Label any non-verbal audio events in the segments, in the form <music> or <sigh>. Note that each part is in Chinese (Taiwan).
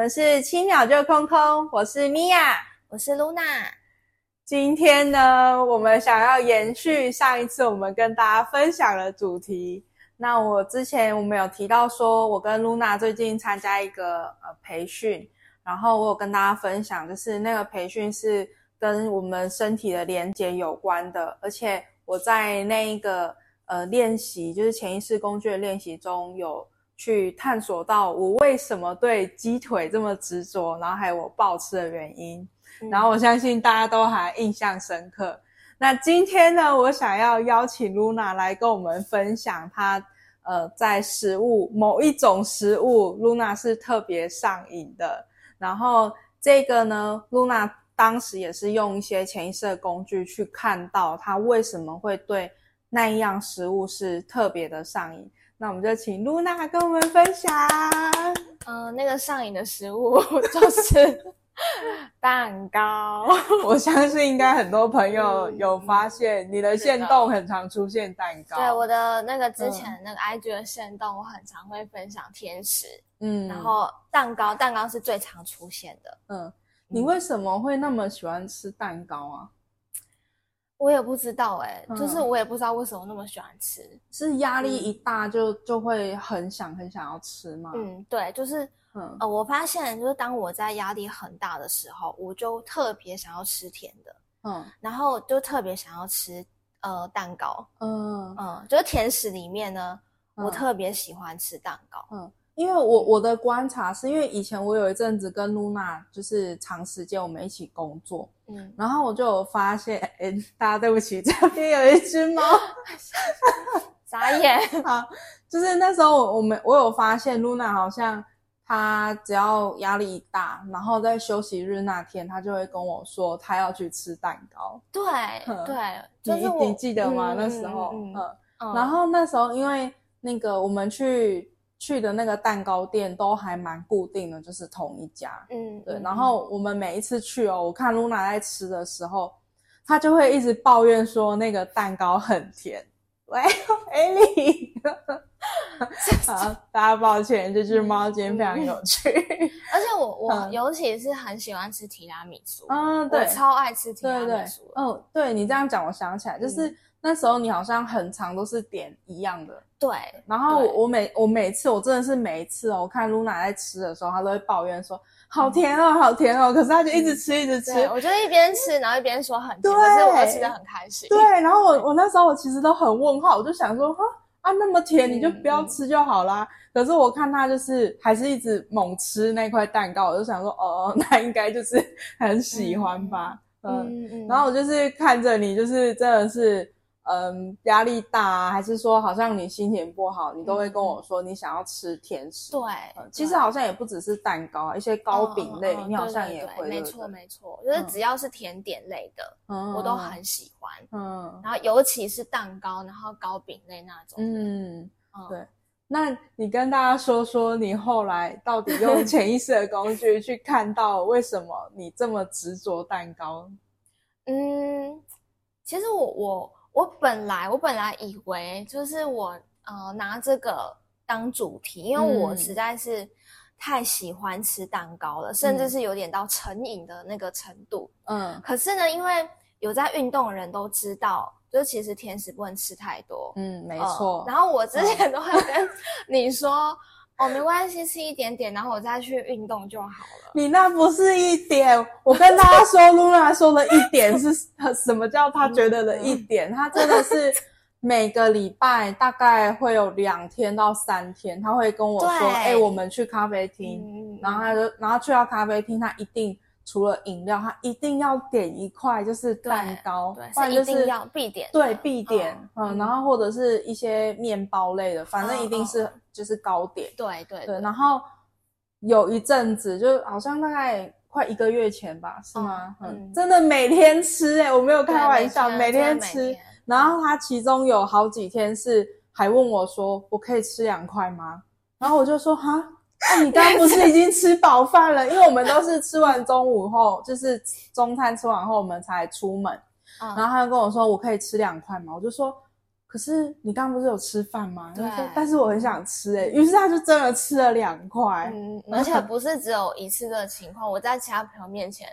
我們是七秒就空空，我是 Nia，我是 Luna。今天呢，我們想要延續上一次我們跟大家分享的主題。那我之前我們有提到說，我跟 Luna 最近參加一個呃培訓，然後我有跟大家分享，就是那個培訓是跟我們身體的連結有關的，而且我在那一個呃練習，就是潛意識工具的練習中有去探索到我為什麼對雞腿這麼執着，然後還有我暴吃的原因，然後我相信大家都還印象深刻。嗯，那今天呢，我想要邀請露娜來跟我們分享她呃在食物，某一種食物，露娜是特別上癮的。然後這個呢，露娜當時也是用一些潛意識的工具去看到她為什麼會對那一樣食物是特別的上癮。那我們就請嚕那跟我們分享，嗯、呃，那個上癮的食物就是 <laughs> 蛋糕。我相信應該很多朋友有發現，你的限動很常出現蛋糕。嗯、對，我的那個之前的那個 IG 的限動，我很常會分享甜食，嗯，然後蛋糕，蛋糕是最常出現的，嗯。你為什麼會那麼喜歡吃蛋糕啊？我也不知道哎、欸嗯，就是我也不知道為什麼那麼喜歡吃，是壓力一大就、嗯、就會很想很想要吃嗎？嗯，對，就是，嗯、呃，我發現就是當我在壓力很大的時候，我就特別想要吃甜的，嗯，然後就特別想要吃呃蛋糕，嗯嗯，就是甜食裡面呢，嗯、我特別喜歡吃蛋糕，嗯。嗯。因為我我的觀察是，因為以前我有一陣子跟露娜就是長時間我們一起工作，嗯，然後我就有發現，哎，大家對不起，這邊有一隻貓，傻眼， <laughs> 好，就是那時候我們我有發現露娜好像她，只要壓力大，然後在休息日那天，她就會跟我說她要去吃蛋糕，對、嗯、對，就你，你記得嗎？嗯、那時候嗯嗯，嗯，然後那時候因為那個我們去。去的那個蛋糕店都還蠻固定的，就是同一家。嗯，對。嗯、然後我們每一次去哦，我看 Luna 在吃的時候，她就會一直抱怨說那個蛋糕很甜。嗯、喂 a 你。i、欸 <laughs> <laughs> <laughs> 啊、大家抱歉，這只貓今天非常有趣。 <laughs> 而且我我尤其是很喜歡吃提拉米蘇。嗯、啊，對，我超愛吃提拉米蘇。哦，對你這樣講，我想起來、嗯，就是那時候你好像很常都是點一樣的。對，然後我每我每次我真的是每一次哦，我看 Luna 在吃的時候，她都會抱怨說好甜哦，嗯，好甜哦，可是她就一直吃，嗯、一直吃。我就一邊吃，嗯，然後一邊說很甜，對，可是我吃的很開心。對，然後我我那時候我其實都很問號，我就想說啊那麼甜你就不要吃就好啦。嗯、可是我看她就是還是一直猛吃那塊蛋糕，我就想說哦，哦那應該就是很喜歡吧。嗯嗯，嗯。然後我就是看着你，就是真的是。嗯，壓力大、啊，還是說好像你心情不好，你都會跟我說你想要吃甜食。嗯嗯、對，其實好像也不只是蛋糕，一些糕餅類、哦，你好像也會對，對，對，沒錯沒錯，就是只要是甜點類的、嗯，我都很喜歡。嗯，然後尤其是蛋糕，然後糕餅類那種。嗯、哦，對。那你跟大家說說，你後來到底用潛意識的工具去看到為什麼你這麼執着蛋糕？嗯，其實我我。我本來我本來以為就是我呃拿這個當主題，因為我實在是太喜歡吃蛋糕了，嗯、甚至是有點到成癮的那個程度。嗯，可是呢，因為有在運動的人都知道，就其實甜食不能吃太多。嗯，沒錯、呃。然後我之前都會跟、哦、你說。哦，沒關係，吃一點點，然後我再去運動就好了。你那不是一點，我跟大家說露娜 <laughs> 說的一點是什麼？叫他覺得的一點，他 <laughs> 真的是每個禮拜大概會有兩天到三天，他會跟我說：“哎、欸，我們去咖啡廳。嗯”然後他就然後去到咖啡廳，他一定。除了飲料，他一定要點一塊，就是蛋糕，對，對不然就是、是一定要必點，對，必點、哦，嗯，然後或者是一些麵包類的，反正一定是就是糕點，哦、對對對，對。然後有一陣子，就好像大概快一個月前吧，是嗎？哦、嗯，真的每天吃、欸，哎，我沒有開玩笑，每天吃每天。然後他其中有好幾天是還問我說：“我可以吃兩塊嗎？”然後我就說：“哈。” <laughs> 你剛剛不是已經吃飽飯了？因為我們都是吃完中午後，就是中餐吃完後，我們才出門，嗯。然後他就跟我說：“我可以吃兩塊嗎？”我就說：“可是你剛剛不是有吃飯嗎？”對。但是我很想吃，欸，誒於是他就真的吃了兩塊，嗯，而且不是只有一次的情況， <laughs> 我在其他朋友面前。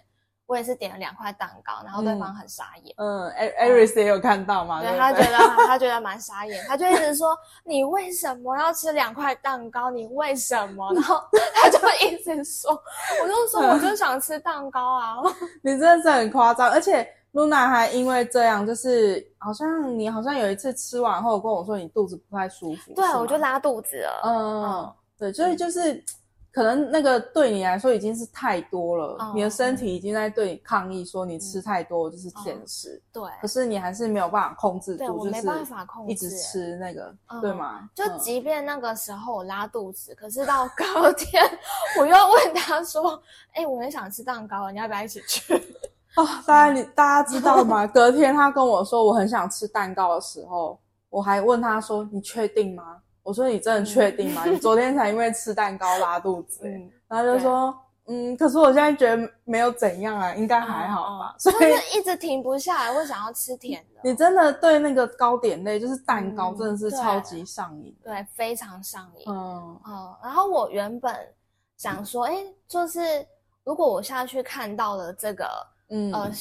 我也是點了兩塊蛋糕，然後對方很傻眼。嗯，A 艾 r i s 也有看到嘛，對，對他覺得 <laughs> 他覺得蠻傻眼，他就一直說你為什麼要吃兩塊蛋糕？你為什麼？然後他就一直說，我就說我就想吃蛋糕啊。嗯、你真的是很誇張，而且 Luna 還因為這樣，就是好像你好像有一次吃完後跟我說你肚子不太舒服。對，我就拉肚子了，嗯。嗯，對，所以就是。嗯可能那個對你來說已經是太多了，oh, 你的身體已經在對你抗議說你吃太多就是甜食，對、oh, okay。可是你還是沒有辦法控制住，oh, okay. 就是我沒辦法控制，一直吃那個，oh, okay. 對,就是那個 oh, 對嗎？就即便那個時候我拉肚子，可是到隔天我又問他說：“哎、欸，我很想吃蛋糕，你要不要一起去？”哦、oh, <laughs> 大家你大家知道嗎？ <laughs> 隔天他跟我說我很想吃蛋糕的時候，我還問他說：“你確定嗎？”我說：“你真的確定嗎？嗯、 <laughs> 你昨天才因為吃蛋糕拉肚子。嗯”然後就說：“嗯，可是我現在覺得沒有怎樣啊，應該還好吧。嗯”所以是一直停不下來，會想要吃甜的。你真的對那個糕點類，就是蛋糕，真的是超級上癮。嗯、對，對，非常上癮嗯。嗯，然後我原本想說，哎，就是如果我下去看到了這個，嗯呃，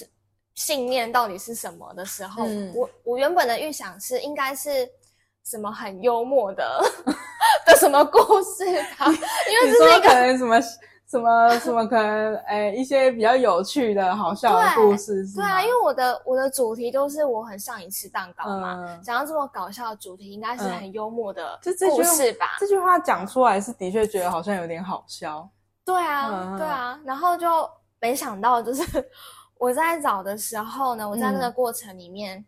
信念到底是什麼的時候，嗯、我我原本的預想是應該是。什麼很幽默的 <laughs> 的什麼故事吧，因為是那個你說可能什麼 <laughs> 什麼什麼，什麼可能誒、欸、一些比較有趣的、好笑的故事是對，對啊。因為我的我的主題都是我很上癮，吃蛋糕嘛，想、嗯、到這麼搞笑的主題，應該是很幽默的故事吧，嗯這。這、這、句、話講出來是的確覺得好像有點好笑。對啊，嗯、對啊，然後就沒想到，就是我在找的時候呢，我在那個過程裡面、嗯。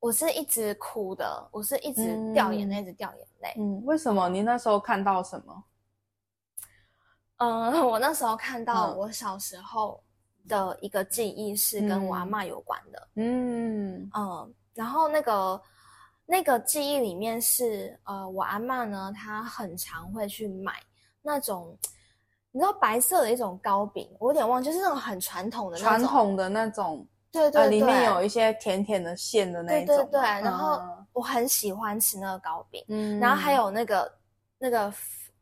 我是一直哭的，我是一直掉眼淚、嗯，一直掉眼淚。嗯，為什麼？你那時候看到什麼？嗯、呃，我那時候看到我小時候的一個記憶是跟我阿嬤有關的。嗯嗯、呃，然後那個那個記憶裡面是呃，我阿嬤呢，她很常會去買那種，你知道白色的一種糕餅，我有點忘記，就是那種很傳統的傳統的那種。對對對、呃，裡面有一些甜甜的餡的那種，對，對對對。然後我很喜歡吃那個糕餅，嗯，然後還有那個那個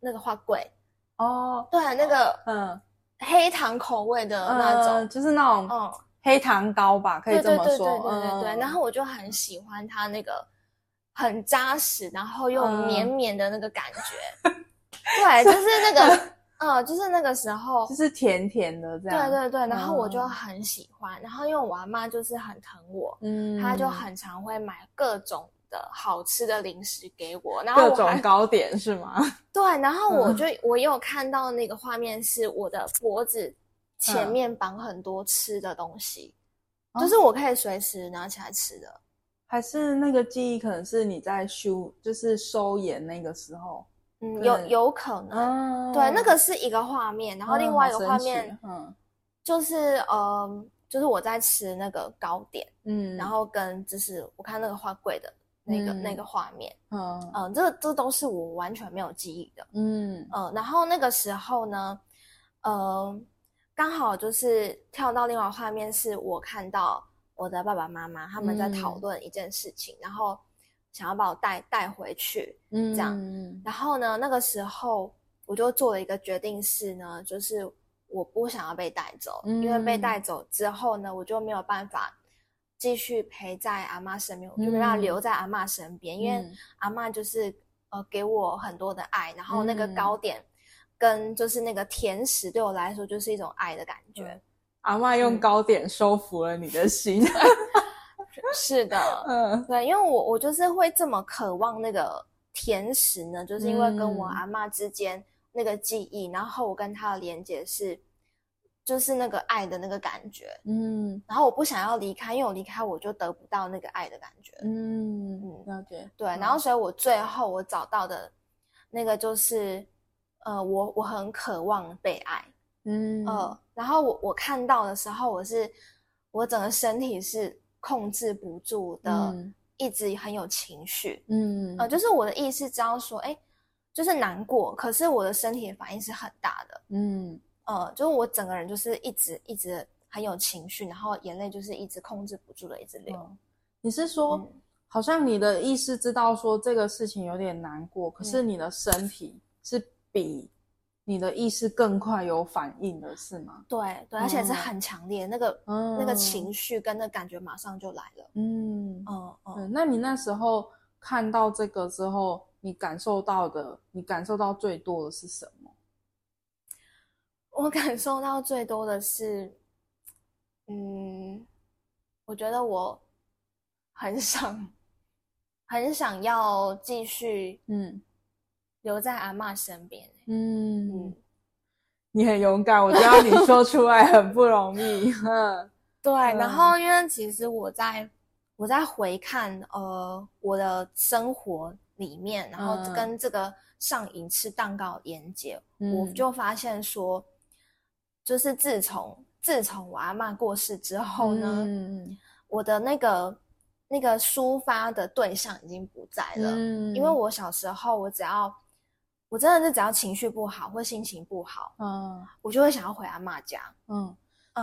那個花桂，哦，對，那個嗯黑糖口味的那種，嗯、就是那種嗯黑糖糕吧，可以這麼說，對對對、對、對、對、嗯。然後我就很喜歡它那個很扎實，然後又綿綿的那個感覺、嗯，對，就是那個。嗯，就是那個時候，就是甜甜的這樣。對對對，嗯、然後我就很喜歡。然後因為我阿嬤就是很疼我，嗯，她就很常會買各種的好吃的零食給我。然後我各種糕點是嗎？對，然後我就、嗯、我有看到那個畫面，是我的脖子前面綁很多吃的東西、嗯，就是我可以隨時拿起來吃的。還是那個記憶，可能是你在收，就是收涎那個時候。嗯，有有可能、哦，對，那個是一個畫面，然後另外一個畫面，嗯，嗯就是嗯、呃，就是我在吃那個糕點，嗯，然後跟就是我看那個花櫃的那個、嗯、那個畫面，嗯嗯、呃，這這都是我完全沒有記憶的，嗯嗯、呃，然後那個時候呢，嗯、呃，剛好就是跳到另外畫面，是我看到我的爸爸媽媽他們在討論一件事情，嗯、然後。想要把我帶帶回去，嗯，這樣、嗯。然後呢，那個時候我就做了一個決定，是呢，就是我不想要被帶走、嗯，因為被帶走之後呢，我就沒有辦法繼續陪在阿嬤身邊，嗯、我就她留在阿嬤身邊、嗯，因為阿嬤就是呃給我很多的愛，然後那個糕點跟就是那個甜食對我來說就是一種愛的感覺。嗯、阿嬤用糕點收服了你的心。嗯 <laughs> <laughs> 是的，嗯、呃，對，因為我我就是會這麼渴望那個甜食呢，就是因為跟我阿嬤之間那個記憶、嗯，然後我跟她的連接是，就是那個愛的那個感覺，嗯，然後我不想要離開，因為我離開我就得不到那個愛的感覺，嗯嗯，了解，對、嗯，然後所以我最後我找到的那個就是，呃，我我很渴望被愛，嗯，呃，然後我我看到的時候，我是我整個身體是。控制不住的，嗯，一直很有情緒，嗯，呃，就是我的意識知道說，哎，就是難過，可是我的身體的反應是很大的，嗯，呃，就是我整個人就是一直一直很有情緒，然後眼淚就是一直控制不住的一直流。嗯，你是說，嗯，好像你的意識知道說這個事情有點難過，可是你的身體是比。你的意識更快有反應了是嗎？對對、嗯，而且是很強烈，那個、嗯、那個情緒跟那感覺馬上就來了。嗯嗯嗯。那你那時候看到這個之後，你感受到的，你感受到最多的是什麼？我感受到最多的是，嗯，我覺得我很想，很想要繼續，嗯，留在阿嬤身邊。嗯，你很勇敢，我知道你說出來很不容易。哈 <laughs> ，對。然後，因為其實我在我在回看呃我的生活裡面，然後跟這個上癮吃蛋糕的連結，我就發現說，就是自從自從我阿嬤過世之後呢，嗯、我的那個那個抒發的對象已經不在了。嗯、因為我小時候我只要。我真的是只要情緒不好或心情不好，嗯，我就會想要回阿嬤家，嗯，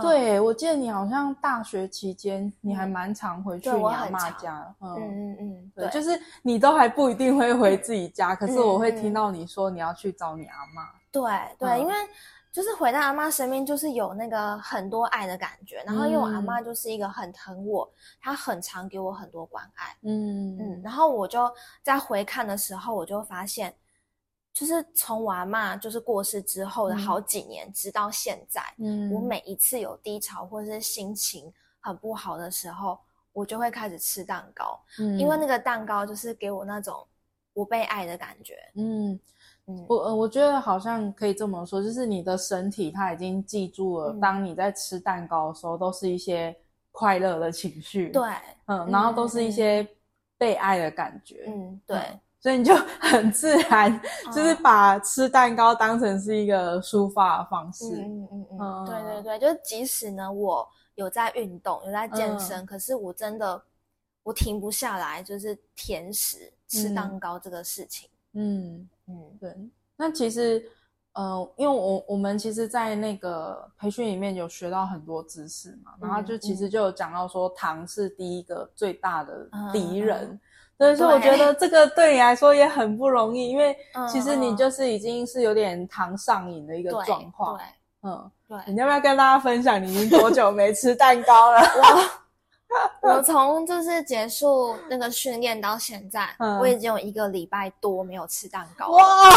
對嗯。我記得你好像大學期間你還蠻常回去你阿嬤家，嗯嗯嗯對對，對，就是你都還不一定會回自己家，嗯、可是我會聽到你說你要去找你阿嬤、嗯，對對、嗯，因為就是回到阿嬤身邊，就是有那個很多愛的感覺。然後因為我阿嬤就是一個很疼我、嗯，她很常給我很多關愛，嗯嗯，嗯，然後我就在回看的時候，我就發現。就是從阿嬤，就是過世之後的好幾年，直到現在，嗯，我每一次有低潮或者是心情很不好的時候，我就會開始吃蛋糕，嗯，因為那個蛋糕就是給我那種我被愛的感覺，嗯嗯，我呃我覺得好像可以這麼說，就是你的身體它已經記住了、嗯，當你在吃蛋糕的時候，都是一些快樂的情緒，對，嗯，然後都是一些被愛的感覺，嗯，對、嗯。嗯所以你就很自然，就是把吃蛋糕當成是一個抒發的方式。嗯嗯嗯，嗯，對對對，就是即使呢，我有在運動，有在健身，嗯、可是我真的我停不下來，就是甜食吃蛋糕這個事情。嗯嗯，嗯，對。那其實，呃，因為我我們其實，在那個培訓裡面有學到很多知識嘛，嗯、然後就其實就有講到說，糖是第一個最大的敵人。嗯嗯所以說，我覺得這個對你來說也很不容易，因為其實你就是已經是有點糖上癮的一個狀況。對對嗯，對。你要不要跟大家分享，你已經多久沒吃蛋糕了？ <laughs> <laughs> <laughs> 我從就是結束那個訓練到現在、嗯，我已經有一個禮拜多沒有吃蛋糕了。哇，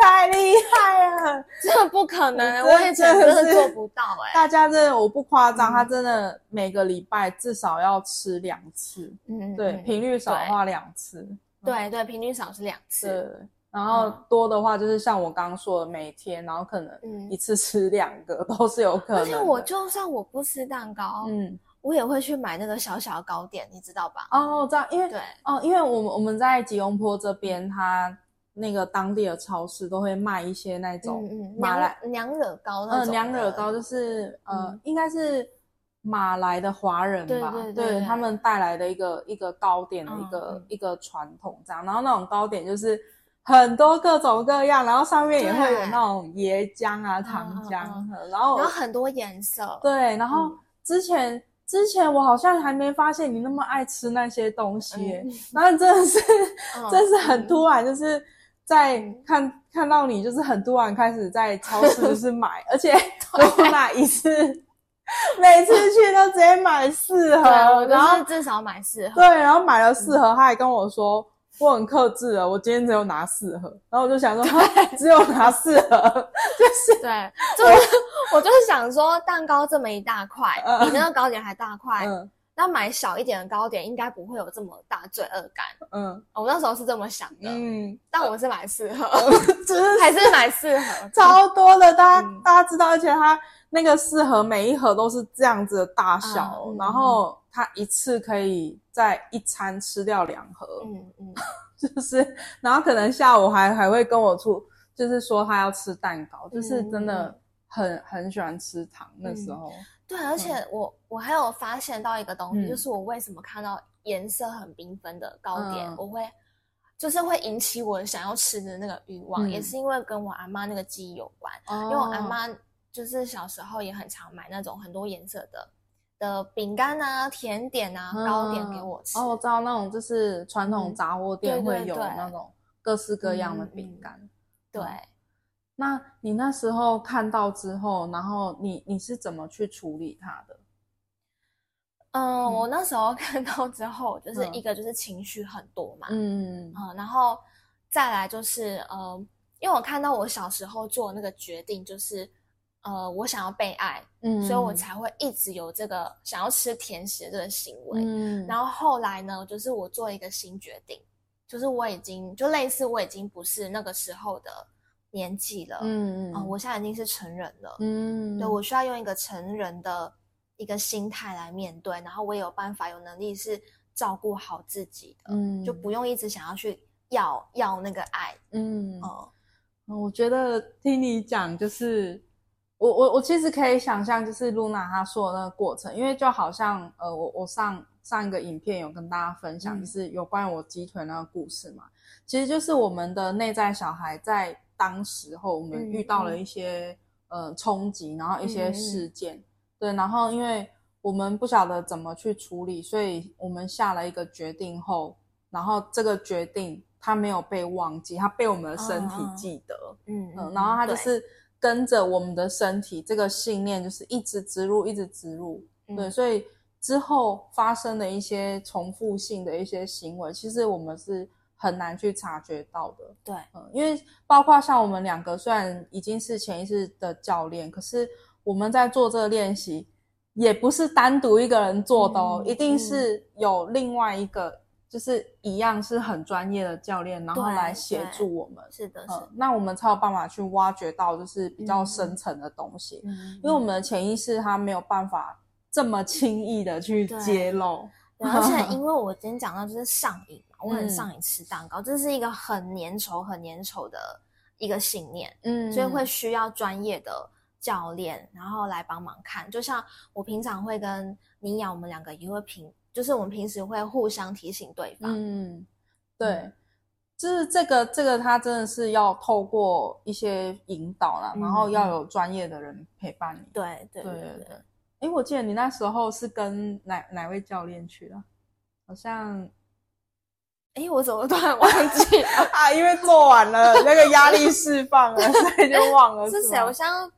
太厲害了，這不可能！嗯、我以前真的做不到哎、欸。大家真的，我不誇張，他真的每個禮拜至少要吃兩次。嗯，對，頻率少的話兩次。對、嗯、對、對，頻率少是兩次。然後多的話就是像我剛剛說的每天、嗯，然後可能一次吃兩個、嗯、都是有可能。而且我就算我不吃蛋糕，嗯，我也會去買那個小小的糕點，嗯、你知道吧？哦，這樣，因為對哦，因為我們我們在吉隆坡這邊，他那個當地的超市都會賣一些那種嗯嗯，馬、嗯、來娘，娘惹糕那種、呃、娘惹糕，就是呃、嗯，應該是馬來的華人吧，對，對，對，對，對，對他們帶來的一個一個糕點的、嗯、一個一個傳統這樣、嗯，然後那種糕點就是。很多各種各樣，然後上面也會有那種椰漿啊、啊糖漿，嗯、然後有很多顏色。對，然後之前、嗯、之前我好像還沒發現你那麼愛吃那些東西，然、嗯、後真的是、嗯、真是很突然，就是在看、嗯、看到你就是很突然開始在超市就是買， <laughs> 而且我那一次每次去都直接買四盒，對我就是、然後至少買四盒。對，然後買了四盒，嗯、他還跟我說。我很克制了，我今天只有拿四盒，然後我就想說，對啊、只有拿四盒，就是對，就是我，我就是想說，想說蛋糕這麼一大塊，比那個糕點還大塊，那、嗯、買小一點的糕點應該不會有這麼大罪惡感。嗯，哦、我那時候是這麼想的，嗯，但我是買四盒，只、嗯、是還是買四盒，超多的，嗯、大家大家知道，而且它。那個四盒，每一盒都是這樣子的大小，啊嗯、然後他一次可以在一餐吃掉兩盒，嗯嗯， <laughs> 就是，然後可能下午還還會跟我出，就是說他要吃蛋糕，嗯、就是真的很、嗯、很喜歡吃糖、嗯、那時候。對，嗯、而且我我還有發現到一個東西、嗯，就是我為什麼看到顏色很繽紛的糕點，嗯、我會就是會引起我想要吃的那個慾望、嗯，也是因為跟我阿嬤那個記憶有關，哦、因為我阿嬤。就是小時候也很常買那種很多顏色的的餅乾吶、啊、甜點吶、啊嗯、糕點給我吃。哦，我知道那種就是傳統雜貨店、嗯、會有那種各式各樣的餅乾、嗯嗯嗯。對，那你那時候看到之後，然後你你是怎麼去處理它的？嗯，我那時候看到之後，就是一個就是情緒很多嘛。嗯，嗯嗯然後再來就是呃，因為我看到我小時候做的那個決定就是。呃，我想要被愛，嗯，所以我才會一直有這個想要吃甜食的這個行為。嗯，然後後來呢，就是我做一個新決定，就是我已經就類似我已經不是那個時候的年紀了，嗯嗯，啊、呃，我現在已經是成人了，嗯，對，我需要用一個成人的一個心態來面對，然後我也有辦法有能力是照顧好自己的，嗯，就不用一直想要去要要那個愛，嗯，哦，嗯，我覺得聽你講就是。我我我其實可以想象，就是嚕那她說的那個過程，因為就好像呃，我我上上一個影片有跟大家分享，就是有關於我雞腿那個故事嘛、嗯，其實就是我們的內在小孩在當時候，我們遇到了一些、嗯、呃衝擊，然後一些事件、嗯，對，然後因為我們不曉得怎麼去處理，所以我們下了一個決定後，然後這個決定他沒有被忘記，他被我們的身體記得，啊、嗯嗯、嗯，然後他就是。跟着我們的身體，這個信念就是一直植入，一直植入。嗯、對，所以之後發生的一些重複性的一些行為，其實我們是很難去察覺到的。對，嗯，因為包括像我們兩個，雖然已經是潛意識的教練，可是我們在做這個練習，也不是單獨一個人做的哦，嗯、一定是有另外一個。嗯就是一樣是很專業的教練，然後來協助我們是，呃。是的，是的。那我們才有辦法去挖掘到就是比較深層的東西，嗯，因為我們的潛意識它沒有辦法這麼輕易的去揭露。而且因為我今天講到就是上癮嘛，我 <laughs> 很上癮吃蛋糕，這是一個很粘稠、很粘稠的一個信念，嗯，所以會需要專業的教練，然後來幫忙看。就像我平常會跟你養我們兩個 U 盤。就是我們平時會互相提醒對方。嗯，對，就是這個這個，他真的是要透過一些引導啦，嗯、然後要有專業的人陪伴你。對對對對對，對，對、對。哎、欸，我記得你那時候是跟哪哪位教練去的？好像，哎、欸，我怎麼突然忘記了 <laughs> 啊？因為做完了 <laughs> 那個壓力釋放了，所以就忘了是誰。我想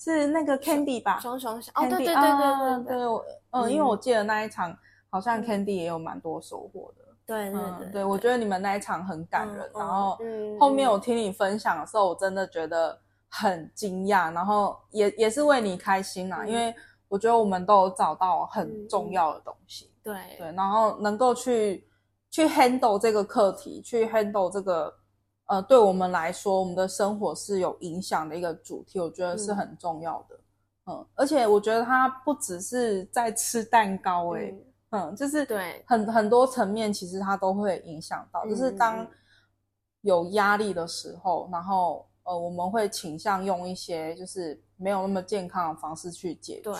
是那個 Candy 吧，熊熊、熊哦，對對對對對對、啊對呃，嗯，因為我記得那一場。好像 Candy 也有蠻多收穫的，嗯、對對對、對、嗯、對，我覺得你們那一場很感人，哦哦然後、嗯、後面我聽你分享的時候，我真的覺得很驚訝，然後也也是為你開心啦、啊嗯，因為我覺得我們都有找到很重要的東西，嗯、對對，然後能夠去去 handle 這個課題，去 handle 這個呃，對我們來說、嗯，我們的生活是有影響的一個主題，我覺得是很重要的，嗯，嗯而且我覺得他不只是在吃蛋糕、欸，哎、嗯。嗯，就是對，很很多層面其實它都會影響到，就是當有壓力的時候，嗯、然後呃，我們會傾向用一些就是沒有那麼健康的方式去解決，對，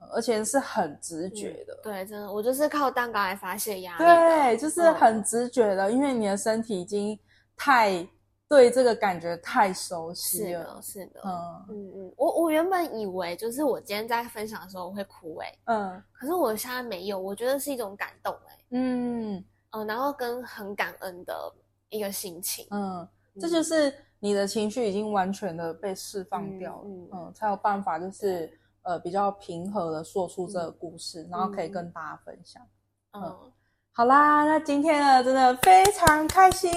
嗯、而且是很直覺的、嗯，對，真的，我就是靠蛋糕來發洩壓力，對，就是很直覺的，嗯、因為你的身體已經太。對這個感覺太熟悉了，是的，是的嗯嗯嗯，我我原本以為就是我今天在分享的時候我會哭哎、欸，嗯，可是我現在沒有，我覺得是一種感動、欸、嗯嗯，然後跟很感恩的一個心情，嗯，這就是你的情緒已經完全的被釋放掉了，嗯，嗯嗯才有辦法就是呃比較平和的說出這個故事、嗯，然後可以跟大家分享，嗯。嗯嗯好啦，那今天呢，真的非常開心。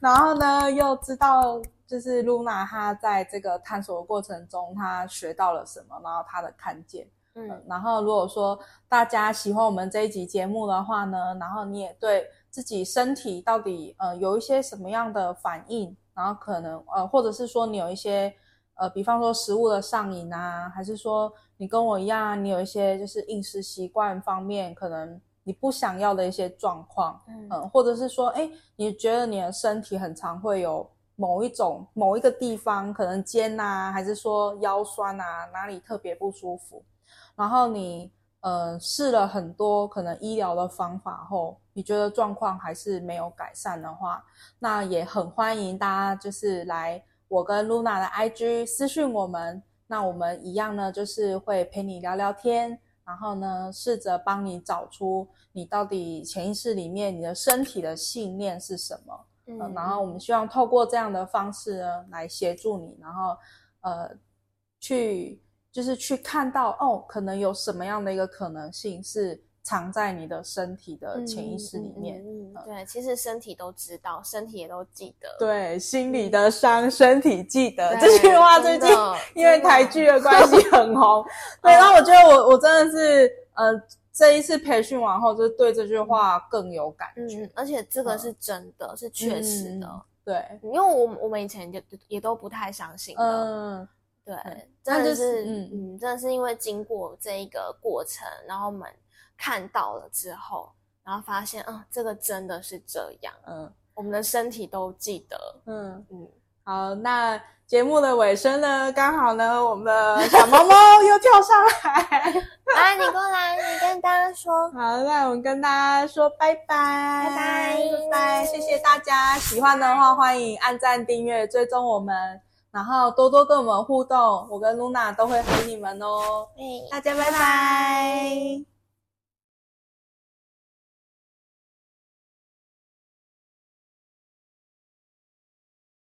然後呢，又知道就是露娜她在這個探索的過程中，她學到了什麼，然後她的看見。嗯，呃、然後如果說大家喜歡我們這一集節目的話呢，然後你也對自己身體到底呃有一些什麼樣的反應，然後可能呃，或者是說你有一些呃，比方說食物的上癮啊，還是說你跟我一樣，你有一些就是飲食習慣方面可能。你不想要的一些狀況、嗯，嗯，或者是說，哎、欸，你覺得你的身體很常會有某一種、某一個地方，可能肩吶、啊，還是說腰酸啊，哪裡特別不舒服？然後你呃試了很多可能醫療的方法後，你覺得狀況還是沒有改善的話，那也很歡迎大家就是來我跟 Luna 的 IG 私訊我們，那我們一樣呢，就是會陪你聊聊天。然後呢，試着幫你找出你到底潛意識裡面，你的身體的信念是什麼。嗯、呃，然後我們希望透過這樣的方式呢，來協助你，然後，呃，去就是去看到哦，可能有什麼樣的一個可能性是。藏在你的身體的潛意識裡面，嗯嗯嗯嗯，對，其實身體都知道，身體也都記得。對，心裡的傷，嗯，身體記得。這句話最近因為台劇的關係很紅。 <laughs> 對，然後我覺得我我真的是，嗯、呃、這一次培訓完後，就對這句話更有感覺。嗯，而且這個是真的，嗯、是確實的，嗯。對，因為我我們以前也也都不太相信的。嗯，對，就是，真的是嗯，嗯，真的是因為經過這一個過程，然後我們。看到了之後，然後發現，嗯、呃，這個真的是這樣，嗯，我們的身體都記得，嗯嗯。好，那節目的尾聲呢，剛好呢，我們的小貓貓又跳上 <laughs> <laughs> 來，啊，你過來，你跟大家說。好，那我們跟大家說拜拜，拜拜拜拜，謝謝大家。喜歡的話，拜拜歡迎按讚訂閱，追蹤我們，然後多多跟我們互動，我跟露娜都會陪你們哦。大家拜拜。拜拜。